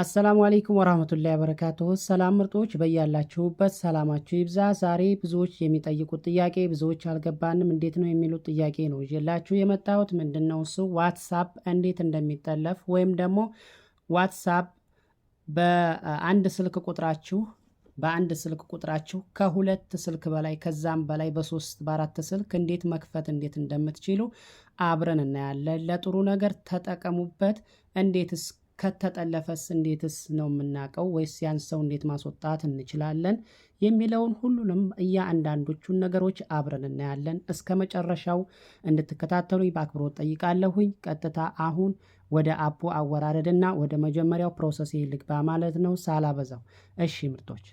አሰላሙ አለይኩም ወራህመቱላሂ ወበረካቱሁ። ሰላም ምርጦች፣ በያላችሁበት ሰላማችሁ ይብዛ። ዛሬ ብዙዎች የሚጠይቁት ጥያቄ ብዙዎች አልገባንም እንዴት ነው የሚሉት ጥያቄ ነው ይዤላችሁ የመጣሁት። ምንድን ነው እሱ ዋትሳፕ እንዴት እንደሚጠለፍ ወይም ደግሞ ዋትሳፕ በአንድ ስልክ ቁጥራችሁ በአንድ ስልክ ቁጥራችሁ ከሁለት ስልክ በላይ ከዛም በላይ በሶስት በአራት ስልክ እንዴት መክፈት እንዴት እንደምትችሉ አብረን እናያለን። ለጥሩ ነገር ተጠቀሙበት። እንዴትስ ከተጠለፈስ እንዴትስ ነው የምናውቀው? ወይስ ያን ሰው እንዴት ማስወጣት እንችላለን? የሚለውን ሁሉንም እያንዳንዶቹን ነገሮች አብረን እናያለን። እስከ መጨረሻው እንድትከታተሉኝ በአክብሮት ጠይቃለሁኝ። ቀጥታ አሁን ወደ አቦ አወራረድና ወደ መጀመሪያው ፕሮሰስ ልግባ ማለት ነው ሳላበዛው። እሺ ምርቶች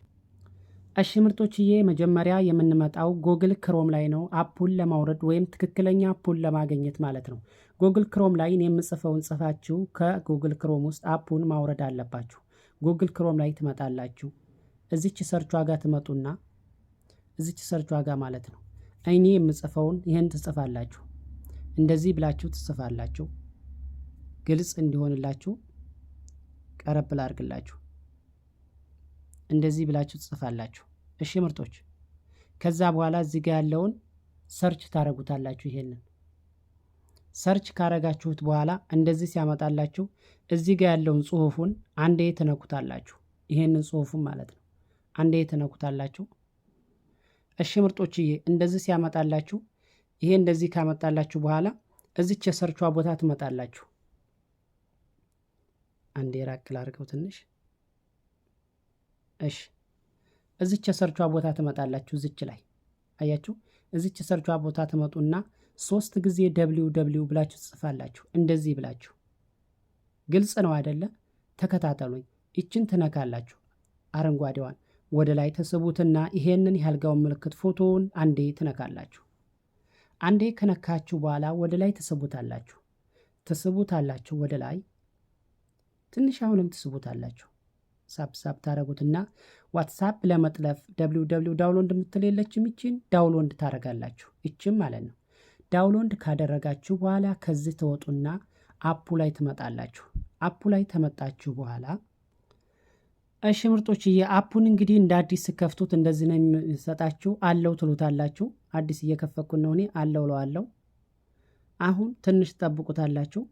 እሺ ምርጦችዬ መጀመሪያ የምንመጣው ጎግል ክሮም ላይ ነው። አፑን ለማውረድ ወይም ትክክለኛ አፑን ለማገኘት ማለት ነው። ጎግል ክሮም ላይ የምጽፈውን ጽፋችሁ ከጎግል ክሮም ውስጥ አፑን ማውረድ አለባችሁ። ጎግል ክሮም ላይ ትመጣላችሁ። እዚች ሰርች ዋጋ ትመጡና እዚች ሰርች ዋጋ ማለት ነው እኔ የምጽፈውን ይህን ትጽፋላችሁ። እንደዚህ ብላችሁ ትጽፋላችሁ። ግልጽ እንዲሆንላችሁ ቀረብ ላድርግላችሁ። እንደዚህ ብላችሁ ትጽፋላችሁ። እሺ ምርጦች፣ ከዛ በኋላ እዚህ ጋ ያለውን ሰርች ታረጉታላችሁ። ይሄንን ሰርች ካረጋችሁት በኋላ እንደዚህ ሲያመጣላችሁ እዚህ ጋ ያለውን ጽሁፉን አንዴ ትነኩታላችሁ። ይሄንን ጽሁፉን ማለት ነው አንዴ ትነኩታላችሁ። እሺ ምርጦችዬ፣ እንደዚህ ሲያመጣላችሁ ይሄ እንደዚህ ካመጣላችሁ በኋላ እዚች የሰርቿ ቦታ ትመጣላችሁ። አንዴ ራቅ ላድርገው ትንሽ እሺ እዚች የሰርቿ ቦታ ትመጣላችሁ። እዚች ላይ አያችሁ፣ እዚች የሰርቿ ቦታ ትመጡና ሶስት ጊዜ ደብሊው ደብሊው ብላችሁ ትጽፋላችሁ። እንደዚህ ብላችሁ ግልጽ ነው አይደለ? ተከታተሉኝ። ይችን ትነካላችሁ፣ አረንጓዴዋን ወደ ላይ ተስቡትና ይሄንን ያልጋውን ምልክት ፎቶውን አንዴ ትነካላችሁ። አንዴ ከነካችሁ በኋላ ወደ ላይ ትስቡታላችሁ፣ ትስቡታላችሁ ወደ ላይ ትንሽ አሁንም ትስቡታላችሁ። ሳብሳብ ታደረጉትና ዋትሳፕ ለመጥለፍ ደብሊው ዳውንሎድ የምትል የለችም ይችን ዳውንሎድ ታደረጋላችሁ። ይችም ማለት ነው። ዳውንሎድ ካደረጋችሁ በኋላ ከዚህ ተወጡና አፑ ላይ ትመጣላችሁ። አፑ ላይ ተመጣችሁ በኋላ እሺ ምርጦችዬ፣ አፑን እንግዲህ እንደ አዲስ ስከፍቱት እንደዚህ ነው የሚሰጣችሁ። አለው ትሉታላችሁ። አዲስ እየከፈኩ ነው እኔ አለው ለዋለው። አሁን ትንሽ ትጠብቁታላችሁ።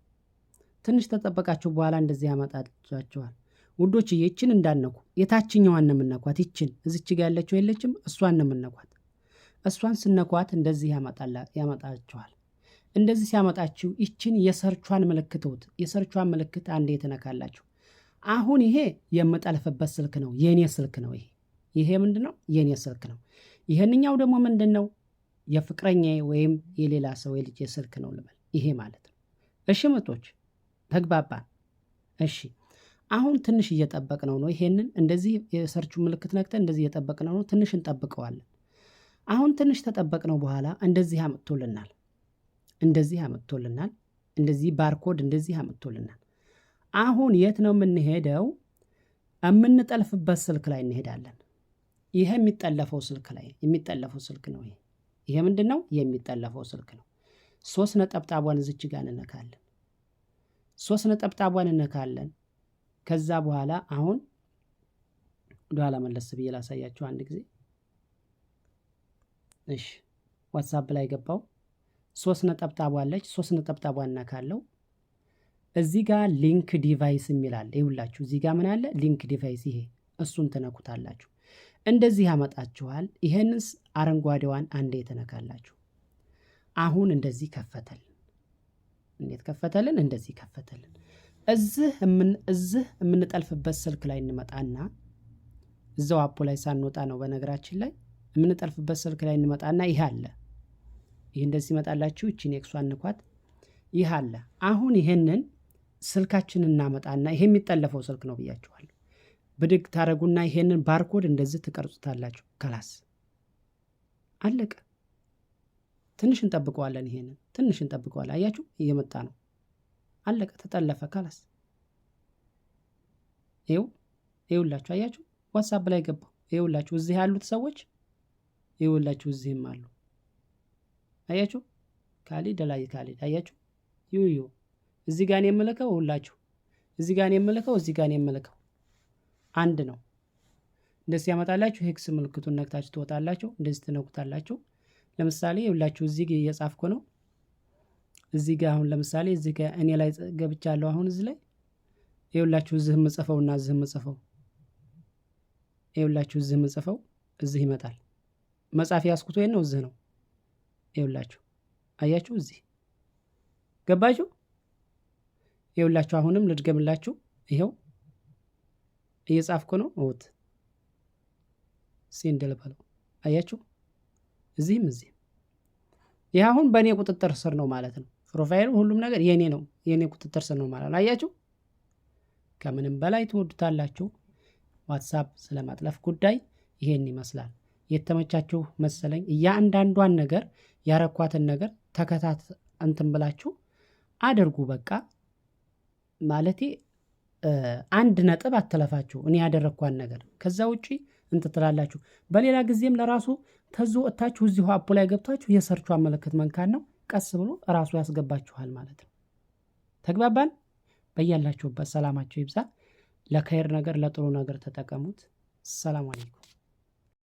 ትንሽ ተጠበቃችሁ በኋላ እንደዚህ ያመጣችኋል። ውዶች ይችን እንዳነኩ የታችኛዋን ነው ይችን እዚች ጋ ያለችው የለችም፣ እሷን ነው እሷን ስነኳት እንደዚህ ያመጣችኋል። እንደዚህ ሲያመጣችው ይችን የሰርቿን ምልክትውት የሰርቿን ምልክት አንዴ የተነካላችሁ። አሁን ይሄ የምጠልፍበት ስልክ ነው፣ የእኔ ስልክ ነው። ይሄ ይሄ ምንድነው የእኔ ስልክ ነው። ይህንኛው ደግሞ ምንድን ነው? የፍቅረኛ ወይም የሌላ ሰው የልጅ ስልክ ነው ልበል። ይሄ ማለት ነው። እሺ ምቶች ተግባባን። እሺ አሁን ትንሽ እየጠበቅ ነው። ይሄንን እንደዚህ የሰርቹ ምልክት ነክተን እንደዚህ እየጠበቅ ነው። ትንሽ እንጠብቀዋለን። አሁን ትንሽ ነው በኋላ እንደዚህ አመጥቶልናል። እንደዚህ አመጥቶልናል። እንደዚህ ባርኮድ እንደዚህ አመጥቶልናል። አሁን የት ነው የምንሄደው? የምንጠልፍበት ስልክ ላይ እንሄዳለን። ይሄ የሚጠለፈው ስልክ ላይ የሚጠለፈው ስልክ ነው። ይሄ ይሄ ምንድን ነው? የሚጠለፈው ስልክ ነው። ሶስት ነጠብጣቧን ዝች ጋር እንነካለን። ሶስት ነጠብጣቧን እነካለን። ከዛ በኋላ አሁን ወደኋላ መለስ ብዬ ላሳያችሁ አንድ ጊዜ። እሺ ዋትሳፕ ላይ ገባው። ሶስት ነጠብጣብ አለች። ሶስት ነጠብጣብ ካለው እዚህ ጋ ሊንክ ዲቫይስ የሚላል ይሁላችሁ። እዚህ ጋ ምን አለ? ሊንክ ዲቫይስ። ይሄ እሱን ትነኩታላችሁ። እንደዚህ ያመጣችኋል። ይሄንስ አረንጓዴዋን አንዴ ትነካላችሁ። አሁን እንደዚህ ከፈተልን። እንዴት ከፈተልን? እንደዚህ ከፈተልን። እዚህ እዚህ የምንጠልፍበት ስልክ ላይ እንመጣና እዛው አፖ ላይ ሳንወጣ ነው በነገራችን ላይ የምንጠልፍበት ስልክ ላይ እንመጣና ይህ አለ ይህ እንደዚህ ይመጣላችሁ። እችን ኤክሷን ንኳት። ይህ አለ አሁን ይህንን ስልካችን እናመጣና ይሄ የሚጠለፈው ስልክ ነው ብያችኋለሁ። ብድግ ታደረጉና ይሄንን ባርኮድ እንደዚህ ትቀርጹታላችሁ። ከላስ አለቀ። ትንሽ እንጠብቀዋለን። ይሄንን ትንሽ እንጠብቀዋለን። አያችሁ እየመጣ ነው። አለቀ፣ ተጠለፈ። ካላስ ይው ይውላችሁ፣ አያችሁ፣ ዋትሳፕ ላይ ገባው። ይውላችሁ፣ እዚህ ያሉት ሰዎች ይውላችሁ፣ እዚህም አሉ። አያችሁ፣ ካሊድ ላይ ካሊድ አያችሁ፣ ዩዩ እዚህ ጋር ነው የምልከው። ሁላችሁ እዚህ ጋር ነው የምልከው። እዚህ ጋር ነው የምልከው። አንድ ነው። እንደዚህ ያመጣላችሁ ሄክስ ምልክቱን ነክታችሁ ትወጣላችሁ። እንደዚህ ትነኩታላችሁ። ለምሳሌ ይውላችሁ፣ እዚህ እየጻፍኩ ነው እዚህ ጋር አሁን ለምሳሌ እዚህ ጋር እኔ ላይ ገብቻለሁ። አሁን እዚህ ላይ ይኸውላችሁ እዚህ ምጽፈው እና እዚህ ምጽፈው ይኸውላችሁ እዚህ ምጽፈው እዚህ ይመጣል። መጻፍ ያስኩት ወይ ነው እዚህ ነው። ይኸውላችሁ አያችሁ እዚህ ገባችሁ። ይኸውላችሁ አሁንም ልድገምላችሁ። ይኸው እየጻፍኩ ነው። እውት ሲ እንደልበለው አያችሁ እዚህም እዚህም ይህ አሁን በእኔ ቁጥጥር ስር ነው ማለት ነው። ፕሮፋይሉ ሁሉም ነገር የእኔ ነው፣ የእኔ ቁጥጥር ስር ነው ማለት ነው። አያችሁ፣ ከምንም በላይ ትወዱታላችሁ። ዋትሳፕ ስለማጥለፍ ጉዳይ ይሄን ይመስላል። የተመቻችሁ መሰለኝ። እያንዳንዷን ነገር ያረኳትን ነገር ተከታት እንትን ብላችሁ አድርጉ። በቃ ማለቴ አንድ ነጥብ አትለፋችሁ። እኔ ያደረግኳን ነገር ከዛ ውጪ እንትትላላችሁ። በሌላ ጊዜም ለራሱ ተዙ ወጥታችሁ እዚሁ አፑ ላይ ገብታችሁ የሰርቹ አመለከት መንካን ነው። ቀስ ብሎ እራሱ ያስገባችኋል ማለት ነው። ተግባባን። በያላችሁበት ሰላማችሁ ይብዛ። ለከይር ነገር ለጥሩ ነገር ተጠቀሙት። ሰላም አለይኩም።